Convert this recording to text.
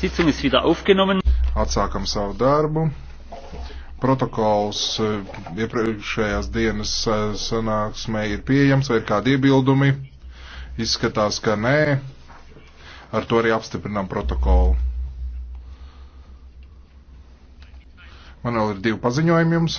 Atsākam savu darbu. Protokols eh, iepriekšējās dienas eh, sanāksmē ir pieejams, vai ir kādi iebildumi? Izskatās, ka nē. Ar to arī apstiprinām protokolu. Man vēl ir divi paziņojumi jums.